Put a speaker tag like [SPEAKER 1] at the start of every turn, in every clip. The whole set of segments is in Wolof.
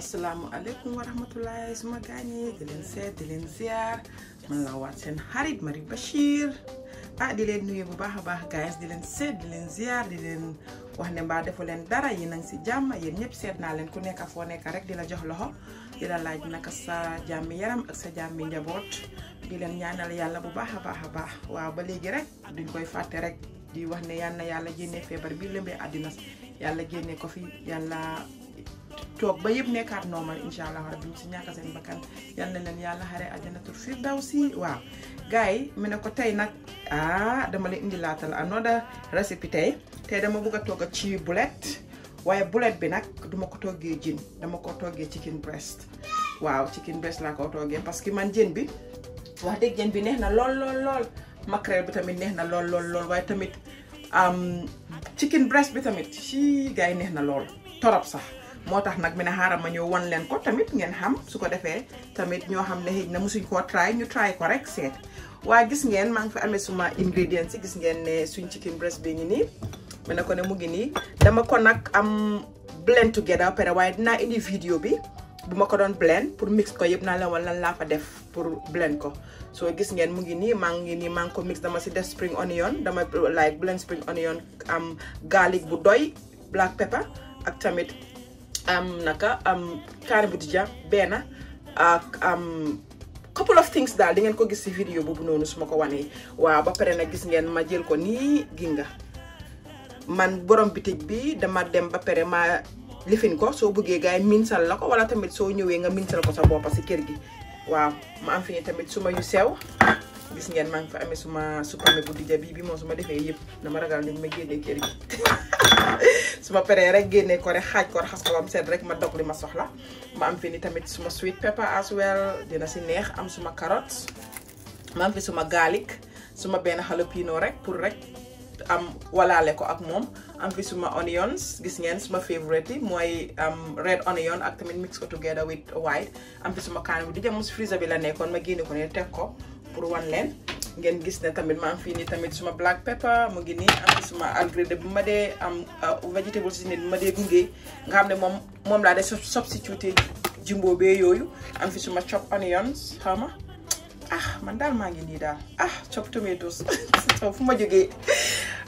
[SPEAKER 1] Assalamu alaikum warahmatullahi rahmatullahi suma gani dilin set dilin Harid Mari Bashir a dilin nuyu bu baaxa baax guys dilen. set dilin ziyar dilin wax ne mbaa defu leen dara yi nang si jàmm yéen ñëpp set naa leen ku nekk foo nekk rek di la jox loxo di la laaj naka sa jàmmi yaram ak sa jàmmi njaboot di leen ñaanal yàlla bu baax a baax a ba rek duñ koy rek di wax ne yal na yàlla génne feebar bi lëmbee ya, àddina ko fi yalla toog ba yëpp nekkaat normal incha allah rabbi si ñàkk seen bakkan yal na leen yàlla xare àjjanatul si waaw gars yi mu ne ko tey nag ah dama la indi laatal another recipe tey te dama bëgg a togg ci bulet waaye bulet bi nag duma ko toggee jën dama ko toggee chicken breast waaw chicken breast laa ko toggee parce que man jën bi wax dëgg jën bi neex na lool lool lool makrel bi tamit neex na lool lool lool waaye tamit chicken breast bi tamit si gars yi neex na lool moo tax nag mu ne xaaral ma ñëw won leen ko tamit ngeen xam su ko defee tamit ñoo xam ne xëy na musuñ koo try ñu try ko rek seet waa gis ngeen maa ngi fi amee suma ingredients yi gis ngeen ne suñ chicken breast bi ngi nii mi ne ko ne mu ngi nii dama ko nag am blend together pare waaye dinaa indi vidéo bi bu ma ko doon blend pour mix ko yëpp naa la wala lan laa fa def pour blend ko soo gis ngeen mu ngi nii maa ngi nii maa ngi ko mix dama si def spring onion dama like blend spring onion am garlic bu doy black ak tamit um naka um kaani bu dija benn ak um couple of things daal di ngeen ko gis ci vidéo boobu noonu su ma ko wanee waaw ba pare nag gis ngeen ma jël ko nii ginga man borom bitik bi dama dem ba pare ma lifin ko soo buggee gars minsal la ko wala tamit soo ñëwee nga minsal ko sa boppa si kër gi waaw ma am fi ni tamit suma yu sew gis ngeen maa ngi fa amee suma supame bu dija bi bi moom su ma defee yëpp dama ragal ni ma génnee kër gi su ma peree rek génnee ko rek xaaj ko raxas ko bam seet rek ma dog li ma soxla ma am fi ni tamit suma sweet pepper as well dina si neex am suma carotte ma am fi suma garlic suma benn jalapeno rek pour rek am walaale ko ak moom am fi suma onions gis ngeen suma favorite yi mooy red onion ak tamit mix ko together with white am fi suma kaani bu di jëm mu si bi la nekkoon ma génne ko ne teg ko pour wan leen ngeen gis ne tamit maa ngi fii nii tamit suma black pepper mu ngi nii am suma algréde bu ma dee am euh, vegetable seasoning bu ma dee gunge nga xam ne moom moom laa de substitute jumbo bee yooyu am fi suma chopped onions xaw ma ah man daal maa ngi nii daal ah chopped tomatoes fu ma jógee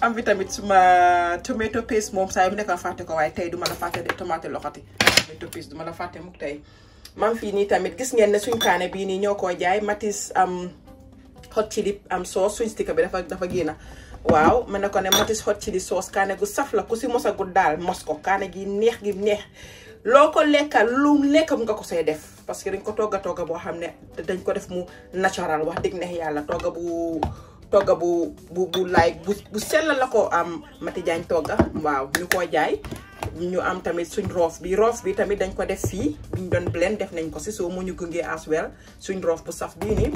[SPEAKER 1] am fi tamit suma euh, tomato paste moom saa mu nekk fàtte ko waaye tey duma la fàtte de tomate loxati tomato paste duma la fàtte mukk tey man fii nii tamit gis ngeen ne suñ kaane bii nii jaay matis am hot chili am sauce suñ stika bi dafa dafa génn waaw ma ne ko ne Motis hot chili sauce kaane gu saf la ku si mos a gudd daal mos ko kaane gi neex gi neex loo ko lekka lu lekk nga ko see def parce que dañ ko togga togga boo xam ne dañ ko def mu natural wax dëgg neex yàlla togga bu togga bu bu bu laay bu bu sell la ko am Mati Jaañ togga waaw ñu koo jaay ñu am tamit suñ roof bi roof bi tamit dañ ko def fii bi ñu doon blend def nañ ko si soo mu ñu gungee as well suñ roof bu saf bii nii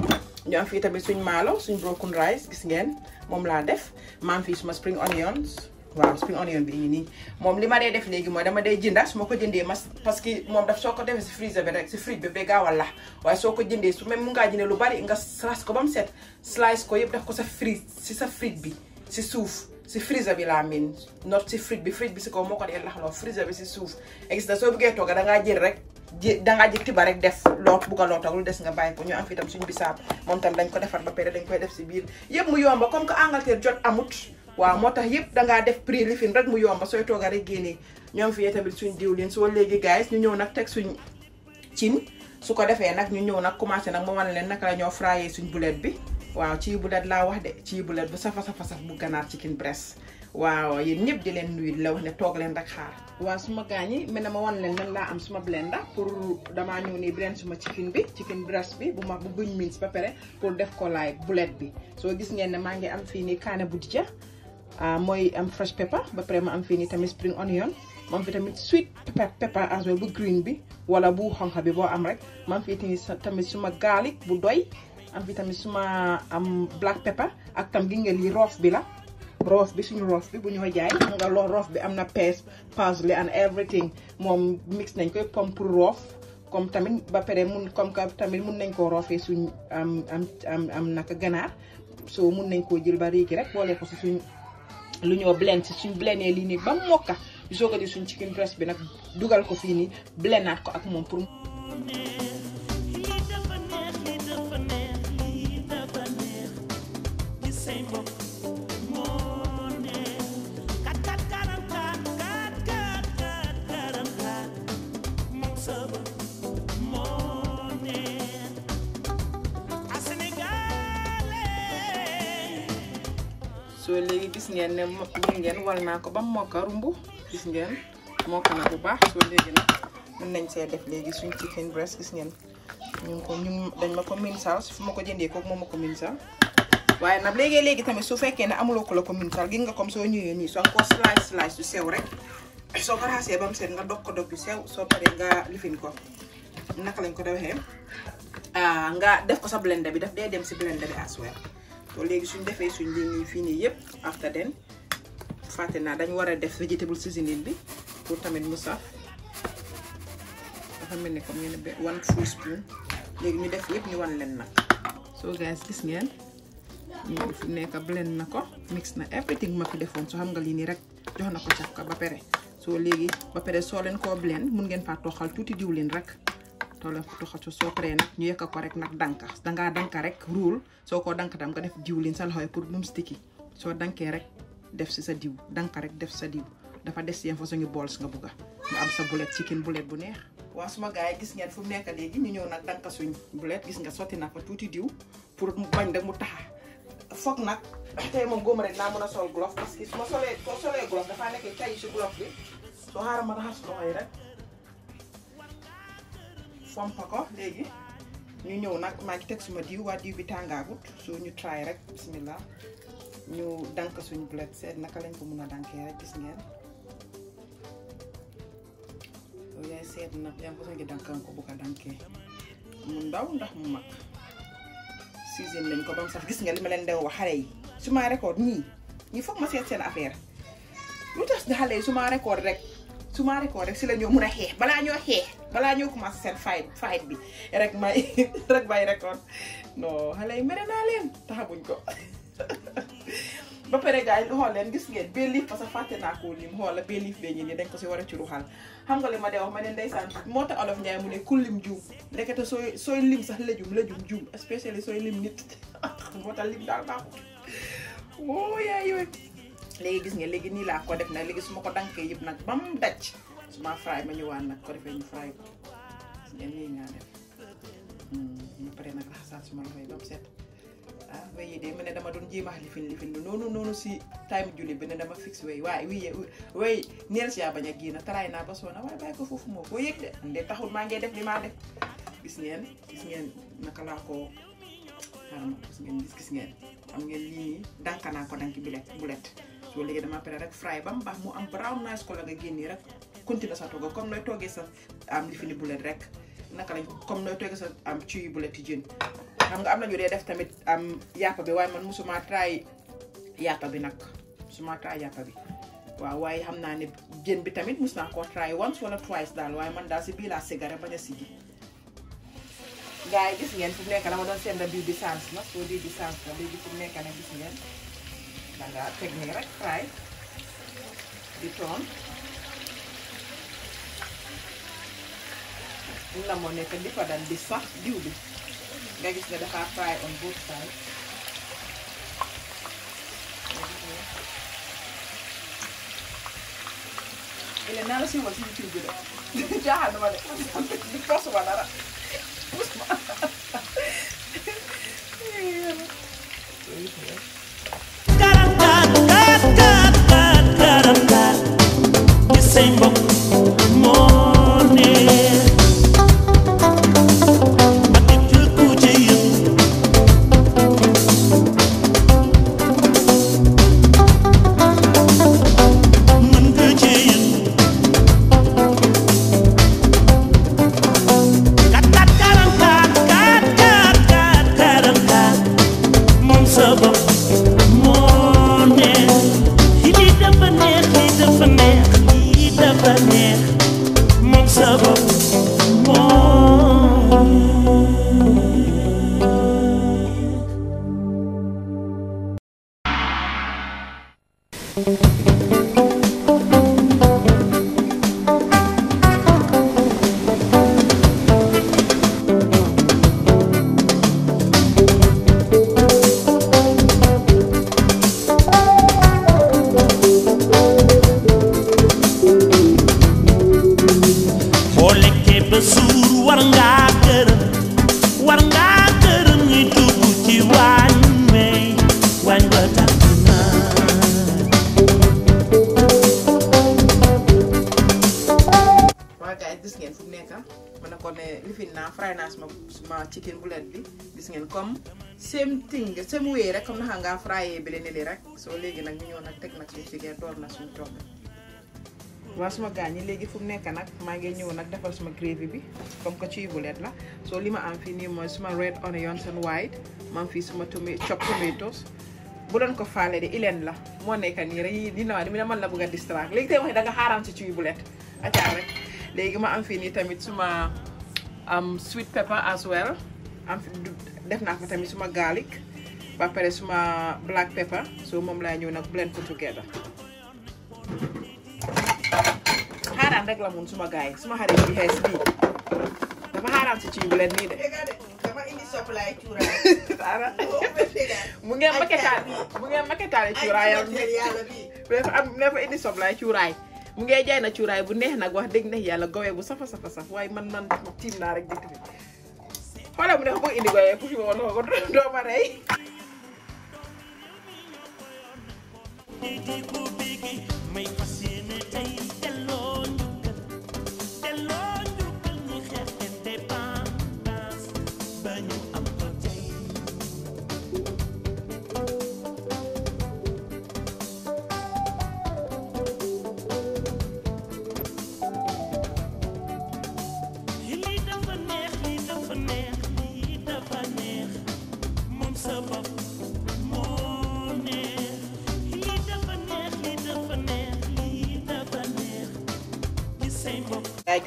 [SPEAKER 1] ñu am fii tamit suñ maalo suñ broken rice gis ngeen moom laa def ma fii suma spring onions waaw spring onion bi nii moom li ma dee def léegi mooy dama dee jënda su ma ko jëndee mas parce que moom daf soo ko defee si freezer bi rek si fridge bi ba gaawal la waaye soo ko jëndee su même mu ngaa jëndee lu bari nga ras ko ba mu set slice ko yëpp daf ko sa fridge si sa fridge bi si suuf ci freezer bi laa miin not si fridge bi fridge bi si kaw moo ko dee laxloo freezer bi si suuf egis na soo bëggee tooga dangaa jël rek ji dangaa jël tiba rek def loot bugg a lootal lu des nga bàyyi ko ñu am fi tam suñu bisaab moom tam dañ ko defar ba pare dañ koy def si biir yëpp mu yomba comme que Angleterre jot amut waaw moo tax yëpp dangaa def prix lifin rek mu yomba sooy tooga rek génnee ñoom fi tamit suñ diwlin soo léegi guys ñu ñëw nag teg suñ cin su ko defee nag ñu ñëw nag commencé nag ma ne leen naka la ñoo frayé suñ bulet bi waaw ci bu laa wax de ci bu let bu safa safa sax bu ganaar chicken breast waaw yéen ñëpp di leen nuyu la wax ne toog leen rek xaar waaw suma gaañi mi ne ma won leen man laa am suma blender pour dama ñëw nii blend suma chicken bi chicken breast bi bu ma bu buñ mince ba pare pour def ko laay bulet bi soo gis ngeen ne maa ngi am fii nii kaane bu dija ah, mooy am fresh pepper ba pare ma am fii nii tamit spring onion ma am fi tamit sweet pepper pepper as well bu green bi wala bu xonxa bi boo am rek ma am fii tamit suma garlic bu doy am fi tamit su am black pepper ak tam gi nga yi roof bi la roof bi suñu roof bi bu ñoo jaay xam nga loo roof bi am na pees parsley and everything moom mix nañ koy comme pour roof comme tamit ba pare mun comme que tamit mun nañ koo roofee suñ am am am naka ganaar so mun nañ koo jël ba réegi rek boole ko si suñ lu ñoo blend ci suñ blendee lii nii ba mokka sooga di suñ chicken breast bi nag dugal ko fii nii blendaat ko ak moom pour gis ngeen ne lii ngeen wal naa ko ba mokk rumbu gis ngeen mokk na bu baax so léegi nag mën nañ see def léegi suñ chicken breast gis ngeen ñu ko ñu dañ ma ko minsal fu ma ko jëndee kooku moom ma ko minsal waaye nag léegi léegi tamit su fekkee ne amuloo ko la ko gis nga comme soo ñëwee nii soo ko slice slice yu sew rek soo ko raxasee ba mu set nga dog ko dog yu sew soo paree nga lifin ko naka lañ ko da ah, nga def ko sa blender bi daf dee dem si blender bi as well so léegi suñ defee suñ li fini yépp after den faté na dañ wara def vegetable seasoning bi pour tamit mu dafa melni comme ngeen ne one full spoon léegi ñu def yépp ñu wan len nak so guys gis ngeen ñu fi nekk blend nako, mix na everything ma fi defon so xam nga li ni rek jox nako ci ba pare so léegi ba pare so len ko blend mën ngeen fa toxal tuuti diwlin rek tolof doxatu soo paree nag ñu yekk ko rek nak danka nga danka rek rule soo ko dank tam nga def diwlin sal hoy pour mum sticky so danké rek def ci sa diw danka rek def sa diw dafa dess yeen fa suñu bols nga bugga nga am sa bullet chicken bullet bu neex wa suma gaay gis ngeen fu nekk legi ñu ñew nak danka suñ bullet gis nga soti na fa tuuti diw pour mu bañ rek mu taxa foog nak tay mom gom rek na mëna sol glove parce que suma solé ko solé glove dafa nekk tay ci glove bi so haram ma rahas ko ay rek fomp ko léegi ñu ñëw nag maa ngi teg suma diw waa diw bi ñu try rek bismillah ñu dank suñu bled seet naka lañ ko mun a dankee rek gis ngeen yow yaay seet nag yaa ngi ko dankan ko bu ko dankee mu ndaw ndax mu season lañ ko bam sax gis nga li ma leen dew wax yi su record ñii ñi foog ma seet seen affaire lu tax xale yi record rek su ma récolté rek si la ñoo mun a xeex balaa ñoo xeex balaa ñoo commencé seen fight fight bi rek may rek may récolte non xale yi mere naa leen taxabuñ ko ba pare gars yi xool leen gis ngeen bee liif parce que fàtte naa ko lim xoola bee liif bee ñu ne dañ ko si war a ci ruxal xam nga li ma dee wax ma ne ndeysaan moo ta olof Njaay mu ne ku lim juum ndekete sooy sooy lim sax lëjum lëjum juum especially sooy lim nit moo tax lim daal baaxul woo yaay léegi gis nga léegi nii laa ko def nag léegi su ma ko dankee yëpp nag bam daj su ma fry ma ñëwaat nag ko defee ñu fry ko ngeen nii ngaa def ñu hmm, pare nag raxasaat suma loxo yi ba mu set ah way yi de mu ne dama doon jéem a lifin lifin noonu noonu si time julli bi ne dama fix way waaye wéy way neel si yaa bañ a génn taraay naa ba soona waaye bàyyi ko foofu moo ko yëg de nde taxul maa ngi def li maa def gis ngeen gis ngeen naka laa ko xaaral gis ngeen gis ngeen xam ngeen lii nii dànk naa ko dànk bi bulet soo léegi dama pare rek fry ba mu baax mu am brown nice color nga génnee rek continue sa togga comme nooy toggee sa am li bulet rek naka lañ comme nooy toggee sa am ciy buleti jën xam nga am nañu dee def tamit am yàppa bi waaye man musuma try yàppa bi nag musuma try yàppa bi waaw waaye xam naa ne jën bi tamit mus naa koo try once wala twice daal waaye man daal si bii laa sigare bañ a si gars yi gis ngeen fu mu nekk dama doon seen da bi sans la soo bii da ngaa teg rek fry di toon la moo di padan di sah diubi. on both sides ele naa la siiwal si YouTube bi di fas wa maxa nga frayé bi ne li rek soo léegi nag ñu ñëw nag teg nag suñu figère na suñu togg waaw suma gaañ yi léegi fu nekk nag maa ngi ñëw nag defal suma gravy bi comme que ci bulet la soo li ma am fii nii mooy suma red onions and white ma am fii suma tomi chop tomatoes bu doon ko faale de ileen la moo nekk nii rek di na mi man la bëgg a distract léegi tey wax da nga xaaraan si ci bulet acaar léegi ma am nii tamit suma sweet pepper as well am def naa fa tamit suma garlic ba pare suma black pepper so mom la nak blend ko together Haram rek la mun suma gaay suma xarit bi xees bi dafa xaaraan si ciy bu leen de curai. curai. Mungkin
[SPEAKER 2] đi di kubiki phát fasi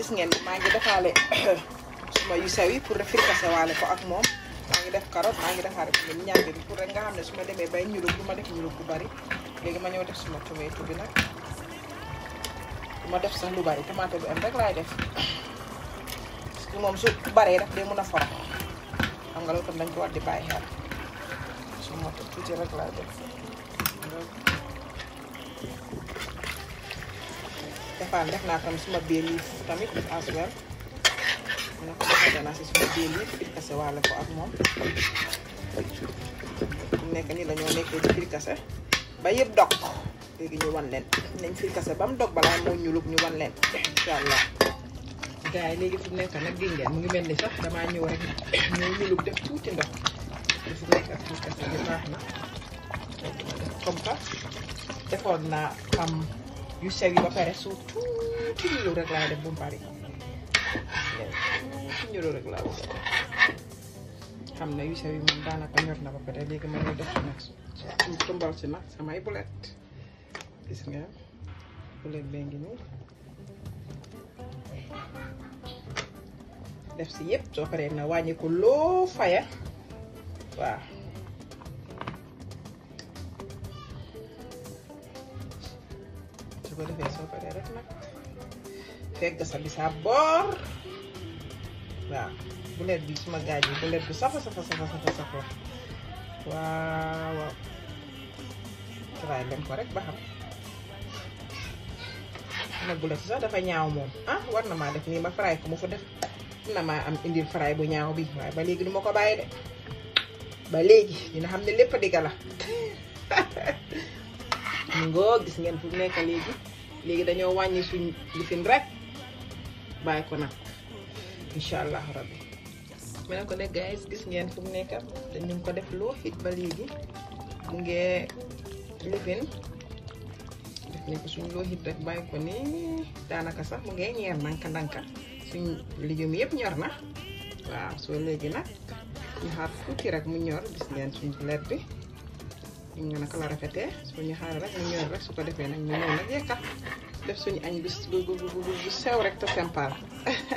[SPEAKER 1] gis ngeen ma ngi defale suma yu sew yi pour fricasser waale ko ak mom ma ngi def carotte ma ngi defaale ko ngeen bi pour rek nga xam suma su bay ñurub du ma def ñurub bu bari léegi ma ñëw def suma tomato bi nak du ma def sax lu bari tomato bi am rek lay def parce que moom su baree daf dee mëna fa forox xam nga loolu ko dañ ko wadi bay xel suma tomato tuuti rek lay def Stefania nah, kenakan semua beli kami as well anak aku ada nasi semua beli kita kasih lah kok aku mau mereka ini lanyo mereka itu kita kasih eh. bayar dok lagi nyuwan len neng kita kasih bam dok balai mau nyuluk nyuwan len insyaallah gaya ini kita neng karena gini mungkin main desa sama nyuwan nyuluk eh. nyuluk deh tuh cendok terus mereka kita kasih eh, jenah nak kompas Defon na kam you seli ba pare so tuuti ñëw rek laa def bu mu pare tuuti ñëw rek laa def xam na yu seli moom ñor na ba pare ma ngi def nag tumbal si sama samay bulet gis nga bulet bee ngi def si yëpp soo paree na ko faya waaw ko defee soo paree rek nag fekk sa bisaab boor waaw bulet bi suma gaaj bi bulet bi safa safa safa safa safa ah warna na def ma fry ko mu fa def na am fry bu ñaaw bi waaye ba léegi du ko bàyyi de ba dina mu ngo gis ngeen fu nekk léegi léegi dañoo wàññi suñ lifin rek bàyyi ko nag allah rabbi ma ko guys gis ngeen fu mu nekk te ñu ngi ko def loo fit ba mu lifin def suñ hit rek baik ko ni daanaka sax mu ngi ñeer nanka nanka suñ lijum yëpp ñor na waaw soo léegi nag ñu xaar tuuti rek mu ñor gis ngeen suñ ñu ngi naka la rafetee bu ñu xaaral rek ñu ñor rek su ko defee nag ñu ñëw nag yekkal def suñu añ bu bu bu bu sew rek te simple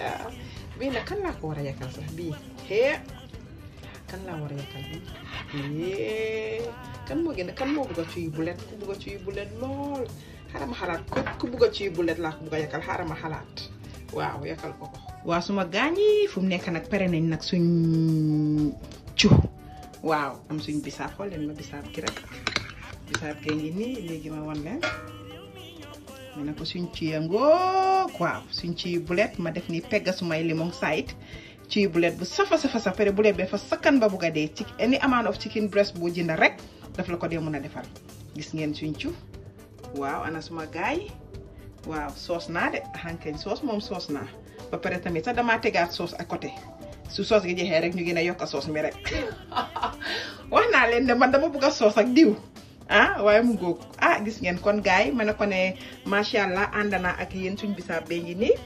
[SPEAKER 1] bii nag kan laa ko war a yekkal sax bii xee kan laa war a yekkal bii kan moo gën a kan moo bugg a ciy bulet ku bugg a bulet lool xaaral ma xalaat ku ku bugg a ciy bulet laa ko bugg a yekkal xaaral ma xalaat waaw yekkal ko ko. waaw suma gaañ yi fu mu nekk nag pare nañ nag suñ cu. Wow, am suñ bisap xool leen ma bisap ki rek bisap ke ngi ni legi ma won leen ma ne ko suñ ci yango wow suñ ci bullet ma def ni pegga sumay limong side ci bullet bu safa safa sa pere bullet be fa sakan ba bu ga de ci any amount of chicken breast boo jinda rek daf la ko de mën defal gis ngeen suñ cu wow ana suma gay wow sauce, na de xankañ soos mom soos na ba pare tamit sa dama tegaat soos à côté su soos gi jeexee rek ñu gën yokka yokk mi rek wax naa leen ne man dama bëgg a soos ak diw ah waaye mu góog ah gis ngeen kon gars yi ma ne ko ne macha allah ànd ak yéen suñu bisaab bee ngi nii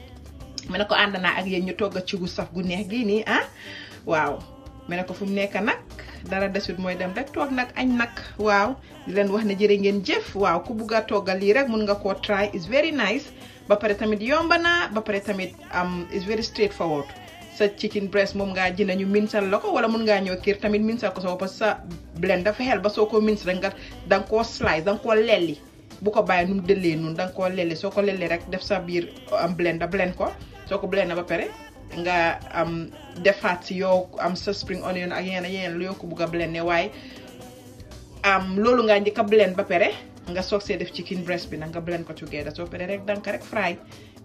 [SPEAKER 1] ma ne ko ànd ak yéen ñu togg ci cigu saf gu neex gii nii ah waaw ma ne ko fu mu nekk nag dara desut mooy dem rek toog nag añ nag waaw di leen wax ne jëre ngeen jëf waaw ku bugg a toggal lii rek mun nga koo try is very nice ba pare tamit yomba na ba pare tamit am um, is very straightforward sa chicken breast moom ngaa ji ñu minsal la ko wala mun ngaa ñëw kër tamit minsal ko sa bopp sa blender dafa xel ba soo ko mince rek nga da nga koo slice da nga koo lelli bu ko bàyyi nu mu dëllee noonu da nga koo lelli soo ko lelli rek def sa biir uh, am blender blend ko soo ko blender ba pare nga am defaat si yow am sa spring onion ak yeneen yeneen lu yoo ko bugg a blender waaye am loolu ngaa njëkk a blend ba pare nga soog see def chicken breast bi nag nga blend ko together soo pare rek danka rek fry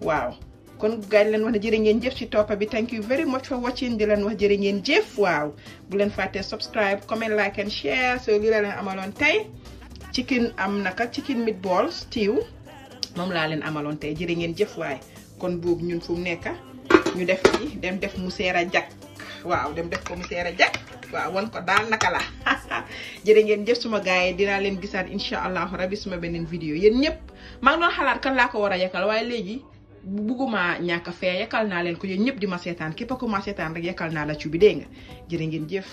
[SPEAKER 1] waaw. kon gaay leen wax Jeff ngeen jëf ci top bi thank you very much for watching di leen wax Jeff. ngeen jëf waaw bu leen fàtte subscribe comment like and share so li la leen amaloon chicken am naka chicken meatballs stew mom la leen amaloon tey jërë ngeen jëf waay kon boobu ñun fu mu ñu def ci dem def musera jak waaw dem def ko musera jak waaw won ko daal naka la jërë ngeen jëf suma gaay yi dinaa leen gisaat incha allahu rabi suma beneen vidéo yéen ñëpp maa ngi doon xalaat kan laa ko war yakal waaye léegi bugguma ñàkk a fee yekkal naa leen ko yéen ñëpp di ma seetaan képp ku ma seetaan rek yekkal naa la ci bi dégg nga jërë ngeen jëf.